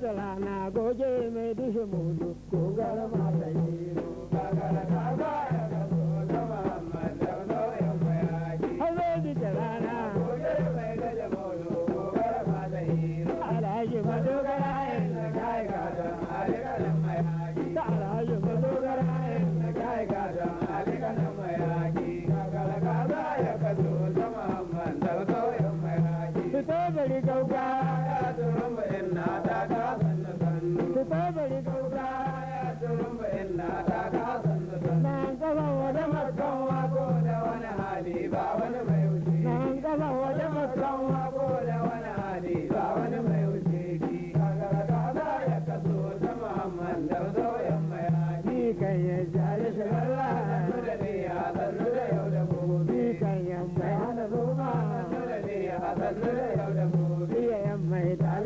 Salana goje me dushe mudu ko garma tayi ro sai bari ya turin bayan na ta kasan mutum nan gaban wani makan wako da wani hali ba wani mai wuce nan gaban wani makan wako da wani hali ba wani mai wuce ki kagara kaza ya kaso ta muhammad da zauyen mayaki kan ya jari shigar lahar da ni ya zannu da yau da gobe kan ya mai hana zuma zannu da ne ya zannu da yau da gobe ya mai tali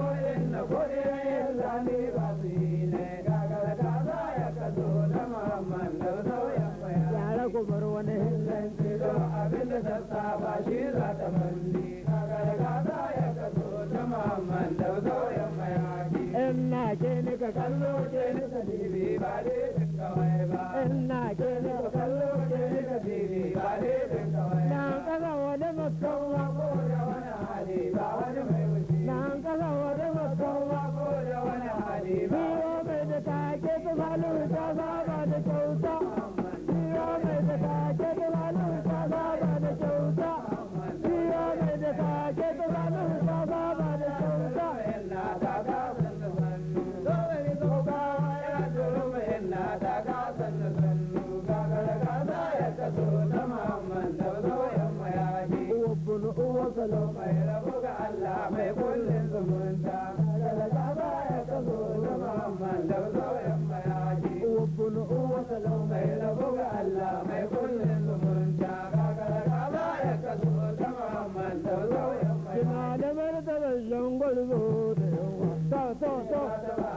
abin da sassa ba shi za ta kaga da ya kaso ta muhammad da mayaki ina ke ni ka kallo ke ni ka ba dai kawai ba ina ke ni ka kazo mai rabu ga Allah mai kullin zumunta ya kazo da Muhammad da mai ga Allah mai kullin zumunta ya kazo da Muhammad da kina da martabar zangon zo da yawa